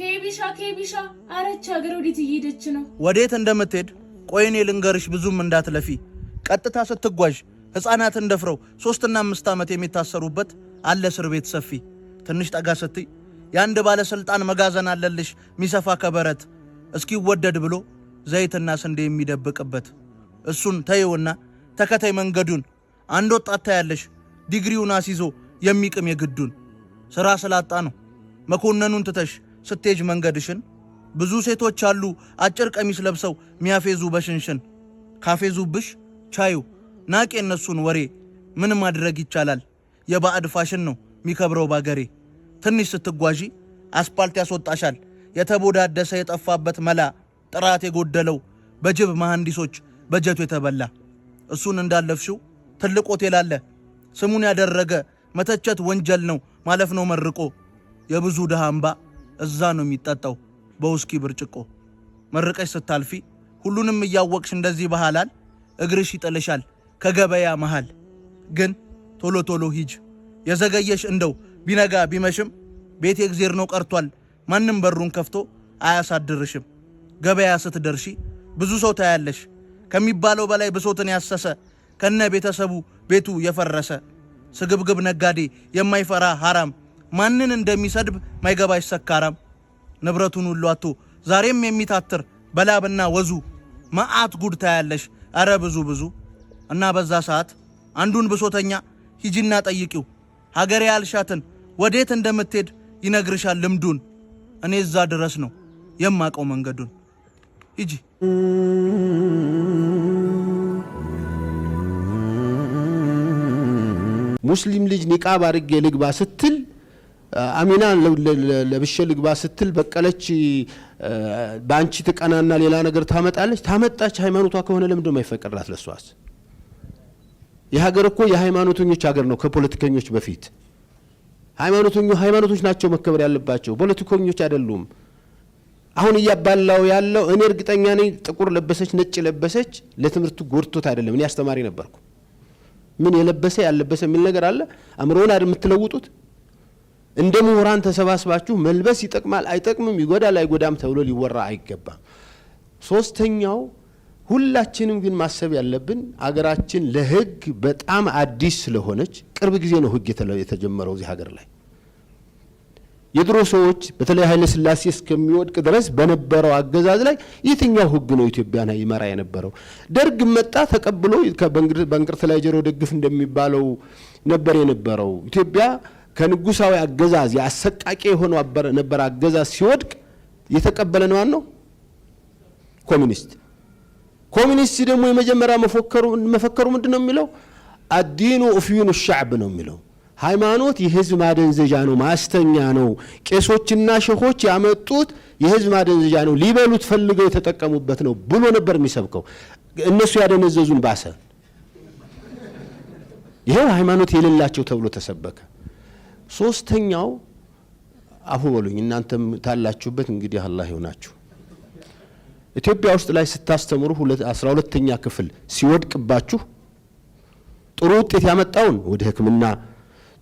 ኬቢሻ ኬቢሻ፣ አረች ሀገር ወዴት እየሄደች ነው? ወዴት እንደምትሄድ ቆይኔ ልንገርሽ። ብዙም እንዳትለፊ። ቀጥታ ስትጓዥ ሕፃናትን እንደፍረው ሶስትና አምስት ዓመት የሚታሰሩበት አለ እስር ቤት ሰፊ። ትንሽ ጠጋ ስትይ የአንድ ባለሥልጣን መጋዘን አለልሽ ሚሰፋ ከበረት እስኪወደድ ብሎ ዘይትና ስንዴ የሚደብቅበት እሱን ተይውና ተከታይ መንገዱን። አንድ ወጣት ታያለሽ ዲግሪውን አስይዞ የሚቅም የግዱን ሥራ ስላጣ ነው መኮንኑን ትተሽ ስትሄጅ መንገድሽን ብዙ ሴቶች አሉ አጭር ቀሚስ ለብሰው ሚያፌዙ በሽንሽን ካፌዙብሽ ቻዩ ናቄ እነሱን ወሬ ምን ማድረግ ይቻላል የባዕድ ፋሽን ነው ሚከብረው ባገሬ ትንሽ ስትጓዢ አስፓልት ያስወጣሻል የተቦዳደሰ የጠፋበት መላ ጥራት የጎደለው በጅብ መሐንዲሶች በጀቱ የተበላ እሱን እንዳለፍሽው ትልቅ ሆቴል አለ ስሙን ያደረገ መተቸት ወንጀል ነው ማለፍ ነው መርቆ የብዙ ድሃ እምባ እዛ ነው የሚጠጣው በውስኪ ብርጭቆ። መርቀሽ ስታልፊ ሁሉንም እያወቅሽ እንደዚህ ባህላል እግርሽ ይጥልሻል ከገበያ መሃል። ግን ቶሎ ቶሎ ሂጅ የዘገየሽ እንደው ቢነጋ ቢመሽም ቤቴ እግዜር ነው ቀርቷል። ማንም በሩን ከፍቶ አያሳድርሽም። ገበያ ስትደርሺ ብዙ ሰው ታያለሽ። ከሚባለው በላይ ብሶትን ያሰሰ ከነ ቤተሰቡ ቤቱ የፈረሰ ስግብግብ ነጋዴ የማይፈራ ሐራም ማንን እንደሚሰድብ ማይገባሽ ሰካራም ንብረቱን ሁሉ አቶ ዛሬም የሚታትር በላብና ወዙ መዓት ጉድ ታያለሽ። አረ ብዙ ብዙ እና በዛ ሰዓት አንዱን ብሶተኛ ሂጂና ጠይቂው ሀገሬ ያልሻትን ወዴት እንደምትሄድ ይነግርሻል ልምዱን። እኔ እዛ ድረስ ነው የማቀው መንገዱን። ሂጂ ሙስሊም ልጅ ኒቃብ አድርጌ ልግባ ስትል አሚና ለብሼ ልግባ ስትል በቀለች በአንቺ ትቀናና ሌላ ነገር ታመጣለች። ታመጣች ሃይማኖቷ ከሆነ ለምንድን የማይፈቀድላት ለሷስ? የሀገር እኮ የሃይማኖተኞች ሀገር ነው። ከፖለቲከኞች በፊት ሃይማኖቶች ናቸው መከበር ያለባቸው፣ ፖለቲከኞች አይደሉም። አሁን እያባላው ያለው እኔ እርግጠኛ ነኝ፣ ጥቁር ለበሰች ነጭ ለበሰች ለትምህርቱ ጎድቶት አይደለም። እኔ አስተማሪ ነበርኩ። ምን የለበሰ ያለበሰ የሚል ነገር አለ? አእምሮውን አይደል የምትለውጡት? እንደ ምሁራን ተሰባስባችሁ መልበስ ይጠቅማል አይጠቅምም፣ ይጎዳል አይጎዳም ተብሎ ሊወራ አይገባም። ሶስተኛው ሁላችንም ግን ማሰብ ያለብን አገራችን ለህግ በጣም አዲስ ስለሆነች ቅርብ ጊዜ ነው ህግ የተጀመረው እዚህ ሀገር ላይ። የድሮ ሰዎች በተለይ ኃይለ ስላሴ እስከሚወድቅ ድረስ በነበረው አገዛዝ ላይ የትኛው ህግ ነው ኢትዮጵያን ይመራ የነበረው? ደርግ መጣ ተቀብሎ በእንቅርት ላይ ጆሮ ደግፍ እንደሚባለው ነበር የነበረው ኢትዮጵያ ከንጉሳዊ አገዛዝ የአሰቃቂ የሆነ ነበር አገዛዝ ሲወድቅ የተቀበለ ማን ነው? ኮሚኒስት። ኮሚኒስት ደግሞ የመጀመሪያ መፈከሩ ምንድን ነው የሚለው? አዲኑ ኡፍዩን ሻዕብ ነው የሚለው። ሃይማኖት የህዝብ ማደንዘዣ ነው፣ ማስተኛ ነው። ቄሶችና ሸሆች ያመጡት የህዝብ ማደንዘዣ ነው፣ ሊበሉት ፈልገው የተጠቀሙበት ነው ብሎ ነበር የሚሰብከው። እነሱ ያደነዘዙን ባሰ። ይኸው ሃይማኖት የሌላቸው ተብሎ ተሰበከ። ሶስተኛው አፉ በሉኝ እናንተም ታላችሁበት እንግዲህ አላህ ይሆናችሁ። ኢትዮጵያ ውስጥ ላይ ስታስተምሩ አስራ ሁለተኛ ክፍል ሲወድቅባችሁ ጥሩ ውጤት ያመጣውን ወደ ሕክምና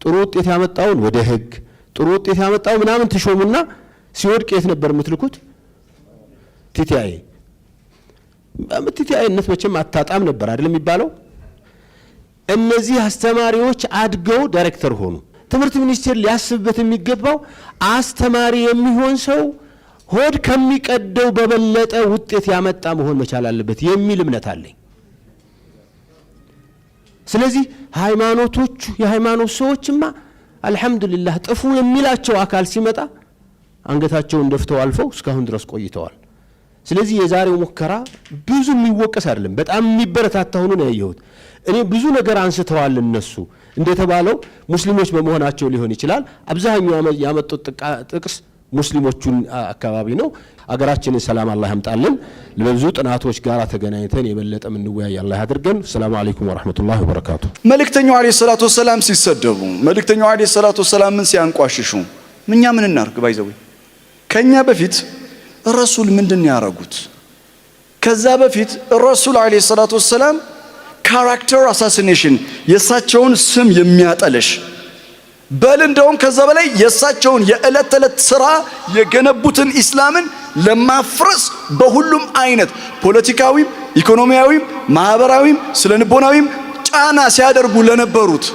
ጥሩ ውጤት ያመጣውን ወደ ሕግ ጥሩ ውጤት ያመጣው ምናምን ትሾሙና ሲወድቅ የት ነበር የምትልኩት? ቲቲአይ ቲቲይነት መቼም አታጣም ነበር አይደል የሚባለው። እነዚህ አስተማሪዎች አድገው ዳይሬክተር ሆኑ። ትምህርት ሚኒስቴር ሊያስብበት የሚገባው አስተማሪ የሚሆን ሰው ሆድ ከሚቀደው በበለጠ ውጤት ያመጣ መሆን መቻል አለበት የሚል እምነት አለኝ። ስለዚህ ሃይማኖቶቹ የሃይማኖት ሰዎችማ አልሐምዱሊላህ ጥፉ የሚላቸው አካል ሲመጣ አንገታቸውን ደፍተው አልፈው እስካሁን ድረስ ቆይተዋል። ስለዚህ የዛሬው ሙከራ ብዙ የሚወቀስ አይደለም፣ በጣም የሚበረታታ ሆኖ ነው ያየሁት። እኔ ብዙ ነገር አንስተዋል እነሱ እንደተባለው ሙስሊሞች በመሆናቸው ሊሆን ይችላል። አብዛኛው ያመጡት ጥቅስ ሙስሊሞቹን አካባቢ ነው። አገራችንን ሰላም አላህ ያምጣልን። ለብዙ ጥናቶች ጋር ተገናኝተን የበለጠ እንወያይ አላህ አድርገን ሰላም አለይኩም ወራህመቱላሂ ወበረካቱ። መልእክተኛው አለይሂ ሰላቱ ወሰላም ሲሰደቡ፣ መልእክተኛው አለይሂ ሰላቱ ምን ሲያንቋሽሹ እኛ ምን እናርግ? ባይዘው ከኛ በፊት ረሱል ምንድን ያረጉት? ከዛ በፊት ረሱል አለይሂ ሰላቱ ወሰላም ካራክተር አሳሲኔሽን የእሳቸውን ስም የሚያጠልሽ በል እንደውም ከዛ በላይ የእሳቸውን የዕለት ተዕለት ስራ የገነቡትን ኢስላምን ለማፍረስ በሁሉም አይነት ፖለቲካዊም፣ ኢኮኖሚያዊም፣ ማህበራዊም፣ ስለንቦናዊም ጫና ሲያደርጉ ለነበሩት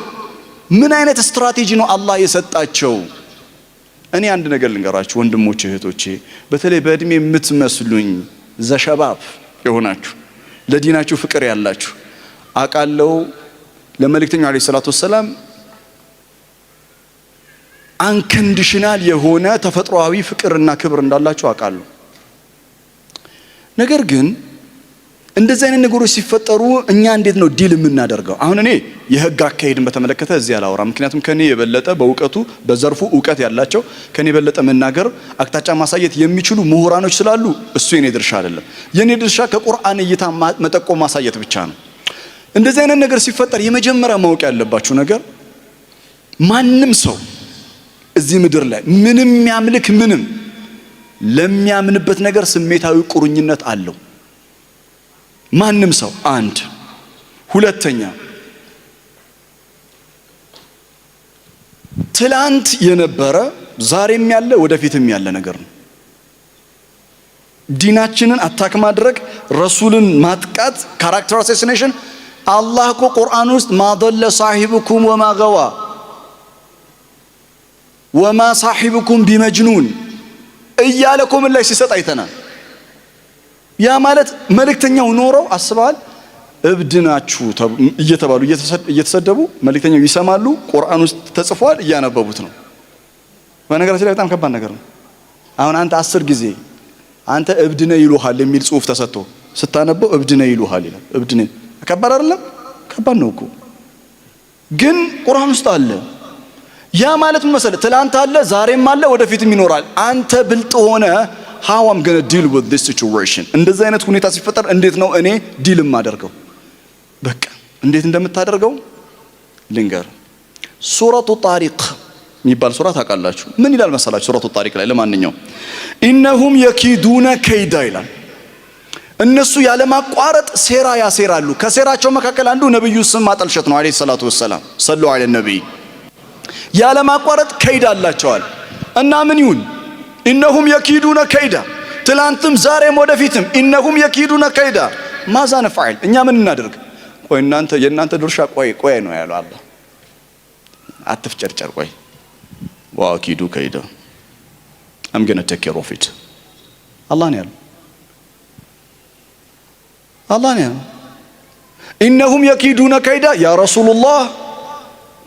ምን አይነት ስትራቴጂ ነው አላህ የሰጣቸው? እኔ አንድ ነገር ልንገራችሁ ወንድሞቼ፣ እህቶቼ በተለይ በእድሜ የምትመስሉኝ ዘሸባብ የሆናችሁ ለዲናችሁ ፍቅር ያላችሁ አቃለው ለመልእክተኛው አለይሂ ሰላቱ ወሰላም አንከንዲሽናል የሆነ ተፈጥሯዊ ፍቅርና ክብር እንዳላቸው አውቃለሁ። ነገር ግን እንደዚህ አይነት ነገሮች ሲፈጠሩ እኛ እንዴት ነው ዲል የምናደርገው? አሁን እኔ የህግ አካሄድን በተመለከተ እዚህ አላወራ፣ ምክንያቱም ከኔ የበለጠ በእውቀቱ በዘርፉ እውቀት ያላቸው ከኔ የበለጠ መናገር አቅጣጫ ማሳየት የሚችሉ ምሁራኖች ስላሉ እሱ የኔ ድርሻ አይደለም። የኔ ድርሻ ከቁርአን እይታ መጠቆም ማሳየት ብቻ ነው። እንደዚህ አይነት ነገር ሲፈጠር የመጀመሪያ ማወቅ ያለባችሁ ነገር ማንም ሰው እዚህ ምድር ላይ ምንም የሚያምልክ ምንም ለሚያምንበት ነገር ስሜታዊ ቁርኝነት አለው። ማንም ሰው አንድ ሁለተኛ ትላንት የነበረ ዛሬም ያለ ወደፊትም ያለ ነገር ነው። ዲናችንን አታክ ማድረግ፣ ረሱልን ማጥቃት፣ ካራክተር አሴሲኔሽን አላህ እኮ ቁርአን ውስጥ ማዶለ ሳሂብኩም ወማ ገዋ ወማ ሳሂብኩም ቢመጅኑን እያለ እኮ ምላሽ ሲሰጥ አይተናል። ያ ማለት መልእክተኛው ኖረው አስበዋል። እብድ ናችሁ እየተባሉ እየተሰደቡ መልእክተኛው ይሰማሉ። ቁርአን ውስጥ ተጽፏል፣ እያነበቡት ነው። በነገራችን ላይ በጣም ከባድ ነገር ነው። አሁን አንተ አስር ጊዜ አንተ እብድ ነህ ይሉሃል የሚል ጽሁፍ ተሰጥቶ ስታነበው እብድ ነህ ይሉሃል ይላል። እብድ ከባድ አይደለም? ከባድ ነው እኮ ግን ቁርአን ውስጥ አለ። ያ ማለት ምን መሰለህ፣ ትላንት አለ፣ ዛሬም አለ፣ ወደፊትም ይኖራል። አንተ ብልጥ ሆነ how i'm going to deal with this situation እንደዚህ አይነት ሁኔታ ሲፈጠር እንዴት ነው እኔ ዲል ማደርገው? በቃ እንዴት እንደምታደርገው ልንገር። ሱረቱ ጣሪቅ የሚባል ሱራ ታውቃላችሁ? ምን ይላል መሰላችሁ? ሱረቱ ጣሪቅ ላይ ለማንኛውም ኢነሁም የኪዱነ ከይዳ ይላል እነሱ ያለማቋረጥ ሴራ ያሴራሉ። ከሴራቸው መካከል አንዱ ነብዩ ስም ማጠልሸት ነው። አለይሂ ሰላቱ ወሰላም ሰለላሁ ዐለይሂ ነብይ ያለማቋረጥ ከይዳ አላቸዋል። እና ምን ይሁን እነሁም የኪዱነ ከይዳ፣ ትላንትም ዛሬም ወደፊትም እነሁም የኪዱነ ከይዳ ማዛ ነፍዓል። እኛ ምን እናደርግ? ቆይ እናንተ የእናንተ ድርሻ ቆይ ቆይ ነው ያለው አላህ። አትፍጨርጨር ቆይ ዋኪዱ ከይዳ አም ገነ ቴክ ኬር ኦፍ ኢት አላህ ነው ያለው አላህ ነው። ኢነሁም የኪዱነ ከይዳ ያ ረሱሉላህ፣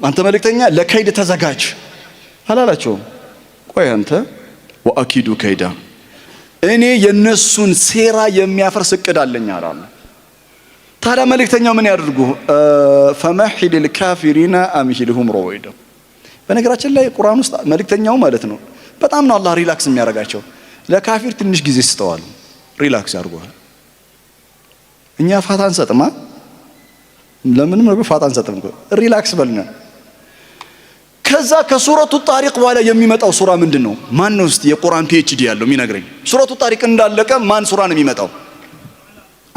አንተ መልእክተኛ ለከይድ ተዘጋጅ አላላቸውም። ቆይ አንተ ወአኪዱ ከይዳ፣ እኔ የነሱን ሴራ የሚያፈርስ እቅድ አለኝ አላለ። ታዲያ መልእክተኛው ምን ያድርጉ? ፈመሂል ልካፊሪና አምሂልሁም ሮወይደ። በነገራችን ላይ ቁርአን ውስጥ መልእክተኛው ማለት ነው በጣም ነው አላህ ሪላክስ የሚያደርጋቸው። ለካፊር ትንሽ ጊዜ ስተዋል፣ ሪላክስ ያድርገዋል። እኛ ፋታ አንሰጥማ፣ ለምንም ነገር ፋታ አንሰጥም። ሪላክስ በልና ከዛ ከሱረቱ ጣሪቅ በኋላ የሚመጣው ሱራ ምንድን ነው? ማን ነው እስቲ የቁርአን ፒኤችዲ ያለው የሚነግረኝ? ሱረቱ ጣሪቅ እንዳለቀ ማን ሱራ ነው የሚመጣው?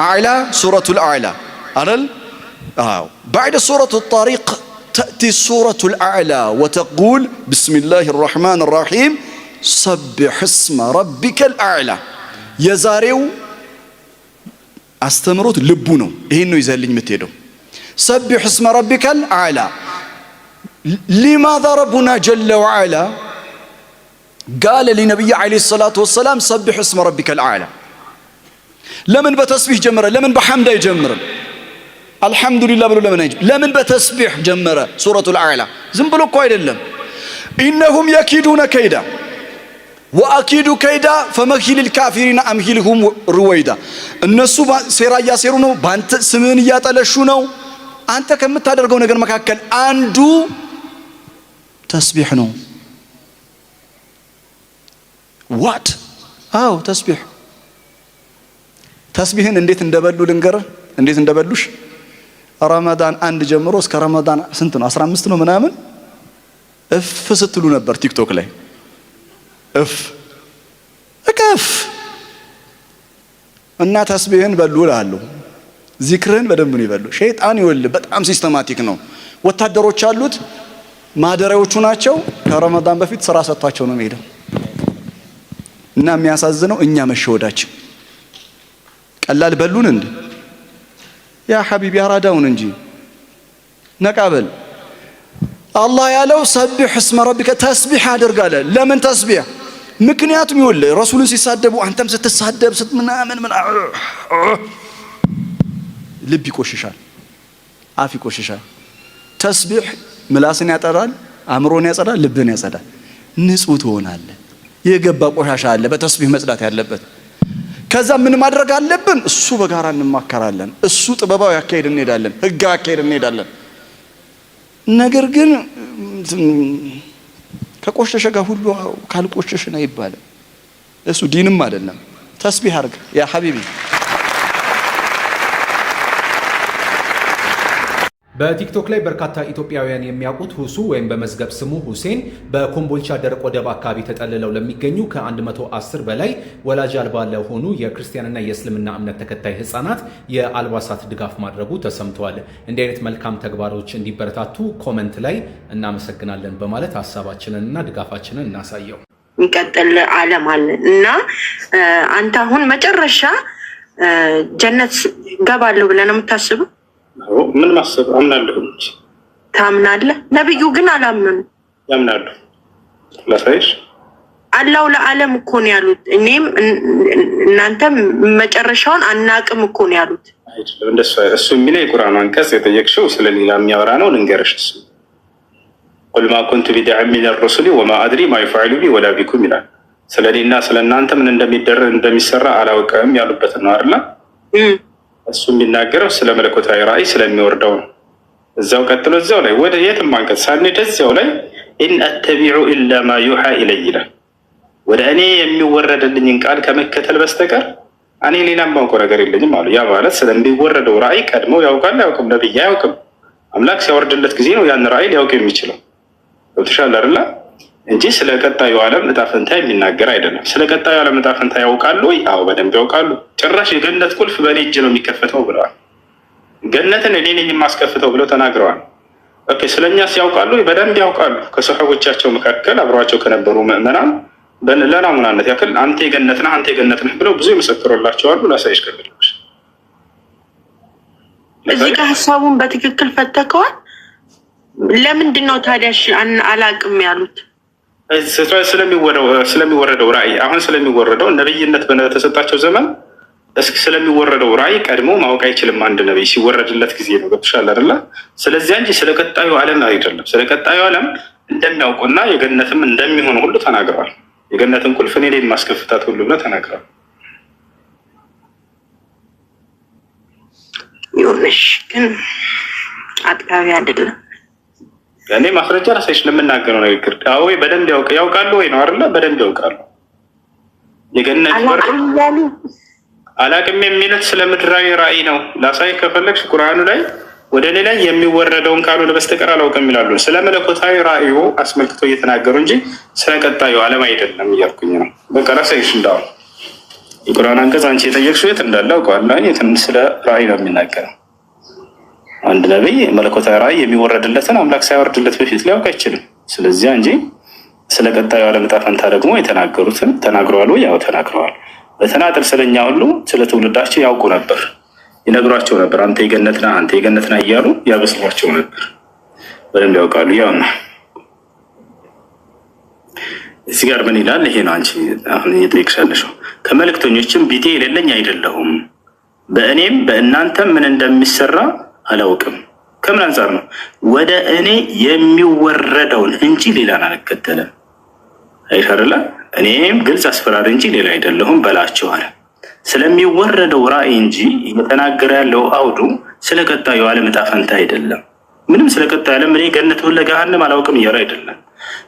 አዕላ ሱረቱል አዕላ አይደል? አዎ بعد ሱረቱ ጣሪቅ ተእቲ ሱረቱል አዕላ ወተቁል ቢስሚላሂ الرحمن الرحيم ሰብሕ እስመ ረቢከል አዕላ የዛሬው አስተምሮት ልቡ ነው። ይህን ነው ይዘህልኝ የምትሄደው። ሰቢሕ እስመ ረቢከል አዕላ። ሊማዛ ረቡና ጀለ ወዓላ ጋለ ሊነቢይ ዓለይሂ ሰላቱ ወሰላም ሰቢሕ እስመ ረቢከል አዕላ። ለምን በተስቢህ ጀመረ? ለምን በሐምድ አይጀምርም? አልሐምዱሊላህ ብሎ ለምን አይጀምርም? ለምን በተስቢሕ ጀመረ? ሱረቱል አላ ዝም ብሎ እኮ አይደለም። ኢነሁም የኪዱነ ከይዳ ወአኪዱ ከይዳ ፈመሂልል ካፊሪን አምሂልሁም ሩወይዳ። እነሱ ሴራ እያሴሩ ነው፣ በአንተ ስምህን እያጠለሹ ነው። አንተ ከምታደርገው ነገር መካከል አንዱ ተስቢሕ ነው። ዋት አዎ፣ ተስቢሕ ተስቢሕን እንዴት እንደበሉ ልንገርህ። እንዴት እንደበሉሽ ረመዳን አንድ ጀምሮ እስከ ረመዳን ስንት ነው? 1አምስት ነው ምናምን እፍ ስትሉ ነበር ቲክቶክ ላይ እፍ እቅፍ እና ተስቢህን በሉ ላሉ ዚክርህን በደንብ ነው ይበሉ። ሸይጣን ይወል በጣም ሲስተማቲክ ነው። ወታደሮች አሉት፣ ማደሪያዎቹ ናቸው። ከረመዳን በፊት ስራ ሰጥቷቸው ነው የሚሄደው እና የሚያሳዝነው እኛ መሸወዳችን ቀላል በሉን እንዴ? ያ ሐቢቢ አራዳውን እንጂ ነቃበል አላህ ያለው ሰቢሕ እስመ ረቢከ ተስቢሕ አድርግ አለ። ለምን ተስቢሕ ምክንያቱም ይወል ረሱልን ሲሳደቡ አንተም ስትሳደብ ምናምን ልብ ይቆሽሻል፣ አፍ ይቆሽሻል። ተስቢሕ ምላስን ያጠራል፣ አእምሮን ያጸዳል፣ ልብን ያጸዳል። ንጹህ ትሆናለህ። የገባ ቆሻሻ አለ በተስቢህ መጽዳት ያለበት። ከዛ ምን ማድረግ አለብን? እሱ በጋራ እንማከራለን። እሱ ጥበባዊ አካሄድ እንሄዳለን፣ ህጋዊ አካሄድ እንሄዳለን። ነገር ግን ከቆሸሸ ጋር ሁሉ ካልቆሸሽን አይባልም። እሱ ዲንም አይደለም። ተስቢህ አርግ ያ ሀቢቢ በቲክቶክ ላይ በርካታ ኢትዮጵያውያን የሚያውቁት ሁሱ ወይም በመዝገብ ስሙ ሁሴን በኮምቦልቻ ደረቅ ወደብ አካባቢ ተጠልለው ለሚገኙ ከ110 በላይ ወላጅ አልባ ለሆኑ የክርስቲያንና የእስልምና እምነት ተከታይ ህፃናት የአልባሳት ድጋፍ ማድረጉ ተሰምተዋል። እንዲህ አይነት መልካም ተግባሮች እንዲበረታቱ ኮመንት ላይ እናመሰግናለን በማለት ሀሳባችንን እና ድጋፋችንን እናሳየው። የሚቀጥል አለም አለ እና አንተ አሁን መጨረሻ ጀነት ገባለሁ ብለህ ነው የምታስበው? ምን ማሰብ አምናለሁ። ታምናለህ? ነብዩ ግን አላምኑ ያምናሉ። ላሳይሽ አላው ለዓለም እኮ ነው ያሉት። እኔም እናንተም መጨረሻውን አናቅም እኮ ነው ያሉት። እሱ የሚለው የቁርአን አንቀጽ የጠየቅሽው ስለ የሚያወራ ነው። ልንገርሽ እሱ ቁል ማ ኩንቱ ቢድዐ ሚን ሩሱሊ ወማ አድሪ ማ ዩፍዐሉ ቢ ወላ ቢኩም ይላል። ስለ እኔና ስለ እናንተ ምን እንደሚደረግ እንደሚሰራ አላውቅም ያሉበትን ነው አይደል? እሱ የሚናገረው ስለ መለኮታዊ ራእይ ስለሚወርደው ነው። እዛው ቀጥሎ እዛው ላይ ወደ የትም አንቀጽ ሳንሄድ እዚያው ላይ ኢን አተቢዑ ኢላ ማ ዩሓ ኢለይ ይላል። ወደ እኔ የሚወረድልኝን ቃል ከመከተል በስተቀር እኔ ሌላ ማውቀው ነገር የለኝም አሉ። ያ ማለት ስለሚወረደው ራእይ ቀድመው ያውቃል አያውቅም? ነብይ አያውቅም። አምላክ ሲያወርድለት ጊዜ ነው ያን ራእይ ሊያውቅ የሚችለው። ብትሻል አይደል? እንጂ ስለ ቀጣዩ ዓለም ዕጣ ፈንታ የሚናገር አይደለም። ስለ ቀጣዩ ዓለም እጣ ፈንታ ያውቃሉ ወይ? አዎ በደንብ ያውቃሉ። ጭራሽ የገነት ቁልፍ በእኔ እጅ ነው የሚከፈተው ብለዋል። ገነትን እኔ ነኝ የማስከፍተው ብለው ተናግረዋል። ኦኬ ስለኛስ ያውቃሉ ወይ? በደንብ ያውቃሉ። ከሰሓቦቻቸው መካከል አብረዋቸው ከነበሩ ምዕመናን ለናሙናነት ያክል አንተ የገነት ነህ፣ አንተ የገነት ነህ ብለው ብዙ አሉ። ላሳይሽ ከፈለግሽ እዚህ ጋር ሀሳቡን በትክክል ፈተከዋል። ለምንድን ነው ታዲያ አላቅም ያሉት? ስለሚወረደው ራእይ አሁን ስለሚወረደው ነብይነት በተሰጣቸው ዘመን እስኪ ስለሚወረደው ራእይ ቀድሞ ማወቅ አይችልም። አንድ ነቢይ ሲወረድለት ጊዜ ነው። ገብቶሻል አይደለ? ስለዚያ እንጂ ስለ ቀጣዩ ዓለም አይደለም። ስለ ቀጣዩ ዓለም እንደሚያውቁና የገነትም እንደሚሆን ሁሉ ተናግረዋል። የገነትን ቁልፍ እኔ እኔን ሁሉ ብለ ተናግረዋል። ይሁንሽ ግን አጥጋቢ አይደለም። እኔ ማስረጃ ራሳች ለምናገረው ንግግር ወይ በደንብ ያውቃሉ ወይ ነው አለ በደንብ ያውቃሉ። የገነት በር አላቅም የሚለት ስለ ምድራዊ ራእይ ነው። ላሳይ ከፈለግሽ ቁርአኑ ላይ ወደ እኔ ላይ የሚወረደውን ካልሆነ በስተቀር አላውቅም ይላሉ። ስለ መለኮታዊ ራእዩ አስመልክቶ እየተናገሩ እንጂ ስለ ቀጣዩ ዓለም አይደለም እያልኩኝ ነው። በቃ ራሳሽ እንዳሁ የቁርአን አንቀጽ አንቺ የጠየቅሽው የት እንዳለ አውቀዋለሁ። ስለ ራእይ ነው የሚናገረው አንድ ነቢይ መለኮታዊ ራእይ የሚወረድለትን አምላክ ሳይወርድለት በፊት ሊያውቅ አይችልም። ስለዚያ እንጂ ስለ ቀጣዩ ዓለም ዕጣ ፈንታ ደግሞ የተናገሩትን ተናግረዋል። ያው ተናግረዋል። በተናጠል ስለኛ ሁሉ ስለ ትውልዳቸው ያውቁ ነበር፣ ይነግሯቸው ነበር። አንተ የገነትና አንተ የገነትና እያሉ ያበስሏቸው ነበር። በደንብ ያውቃሉ። ያውና እዚህ ጋር ምን ይላል? ይሄ ነው አንቺ አሁን እየጠየቅሻለሽው። ከመልእክተኞችም ቢጤ የሌለኝ አይደለሁም፣ በእኔም በእናንተም ምን እንደሚሰራ አላውቅም። ከምን አንጻር ነው ወደ እኔ የሚወረደውን እንጂ ሌላን አልከተለም። አይሻርለ እኔም ግልጽ አስፈራሪ እንጂ ሌላ አይደለሁም በላቸዋል። ስለሚወረደው ራእይ እንጂ እየተናገረ ያለው አውዱ ስለ ቀጣዩ ዓለም ዕጣ ፈንታ አይደለም። ምንም ስለ ቀጣዩ ዓለም እኔ ገነት ሁለ ገሃንም አላውቅም እያሉ አይደለም።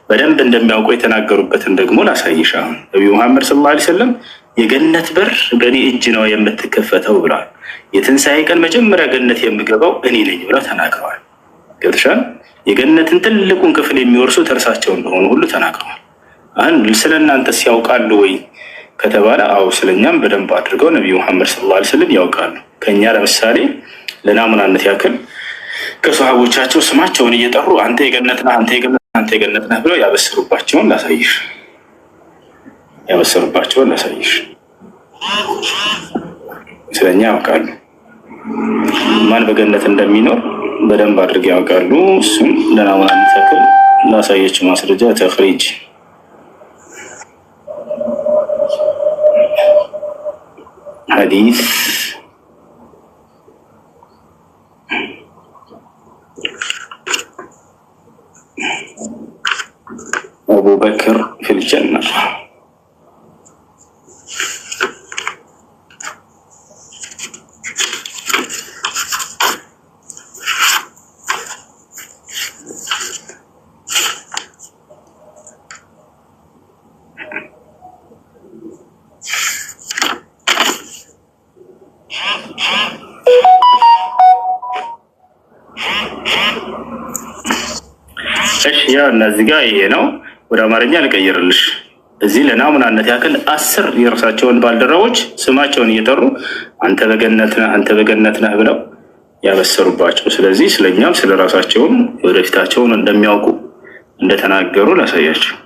በደንብ እንደሚያውቁ የተናገሩበትን ደግሞ ላሳይሻ። ነቢዩ መሐመድ ሰለላሁ ዓለይሂ ወሰለም የገነት በር በእኔ እጅ ነው የምትከፈተው ብለዋል። የትንሣኤ ቀን መጀመሪያ ገነት የምገባው እኔ ነኝ ብለው ተናግረዋል። ገብተሻል? የገነትን ትልቁን ክፍል የሚወርሱት እርሳቸው እንደሆኑ ሁሉ ተናግረዋል። አንድ ስለ እናንተ ያውቃሉ ወይ ከተባለ፣ አዎ ስለኛም በደንብ አድርገው ነቢዩ መሐመድ ሰለላሁ ዐለይሂ ወሰለም ያውቃሉ። ከእኛ ለምሳሌ ለናሙናነት ያክል ከሰሃቦቻቸው ስማቸውን እየጠሩ አንተ የገነት ነህ፣ አንተ የገነት ነህ፣ አንተ የገነት ነህ ብለው ያበስሩባቸውን ላሳይሽ ያበሰሩባቸውን ላሳይሽ። ስለኛ ያውቃሉ። ማን በገነት እንደሚኖር በደንብ አድርገ ያውቃሉ። እሱም ለናሙና የሚተክል ላሳየችው ማስረጃ ተክሪጅ ሀዲስ አቡበክር እና እዚህ ጋር ይሄ ነው። ወደ አማርኛ ልቀይርልሽ። እዚህ ለናሙናነት ያክል አስር የእርሳቸውን ባልደረቦች ስማቸውን እየጠሩ አንተ በገነት ነህ፣ አንተ በገነት ነህ ብለው ያበሰሩባቸው። ስለዚህ ስለኛም ስለ ራሳቸውም የወደፊታቸውን እንደሚያውቁ እንደተናገሩ ላሳያቸው።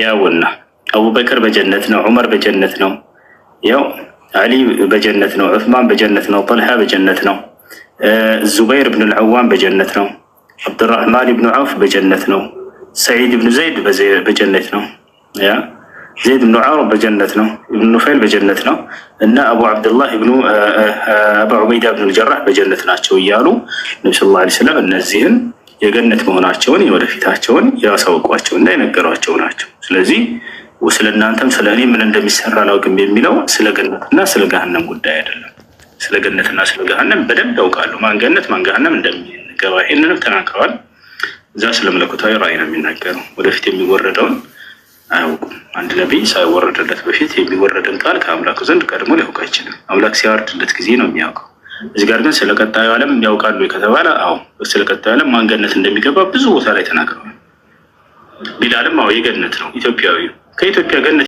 ያውና አቡበከር በጀነት ነው፣ ዑመር በጀነት ነው፣ ያው አሊ በጀነት ነው፣ ዑስማን በጀነት ነው፣ ጠልሃ በጀነት ነው፣ ዙበይር ብን ልዕዋን በጀነት ነው ዐብዱራህማን ብኑ ዐውፍ በጀነት ነው። ሰዒድ ብኑ ዘይድ በጀነት ነው። ያ ዘይድ ብኑ ዓር በጀነት ነው። ብኑ ኑፈይል በጀነት ነው እና አቡ ዓብድላህ አቡ ዑበይዳ ብኑ ልጀራህ በጀነት ናቸው እያሉ ነቢ ስ ላ ስለም እነዚህን የገነት መሆናቸውን የወደፊታቸውን ያሳውቋቸውና የነገሯቸው ናቸው። ስለዚህ ስለ እናንተም ስለ እኔ ምን እንደሚሰራ ላውቅም የሚለው ስለ ገነትና ስለ ገሃነም ጉዳይ አይደለም። ስለ ገነትና ስለ ገሃነም በደንብ ያውቃሉ። ማን ገነት ማን ገሃነም እንደሚ ይገባ። ይህንንም ተናግረዋል። እዛ ስለ መለኮታዊ ራእይ ነው የሚናገረው። ወደፊት የሚወረደውን አያውቁም። አንድ ነቢይ ሳይወረደለት በፊት የሚወረድን ቃል ከአምላኩ ዘንድ ቀድሞ ሊያውቅ አይችልም። አምላክ ሲያወርድለት ጊዜ ነው የሚያውቀው። እዚህ ጋር ግን ስለ ቀጣዩ ዓለም ያውቃሉ ከተባለ አዎ፣ ስለ ቀጣዩ ዓለም ማንገነት እንደሚገባ ብዙ ቦታ ላይ ተናግረዋል። ቢላልም አዎ የገነት ነው ኢትዮጵያዊ ከኢትዮጵያ ገነት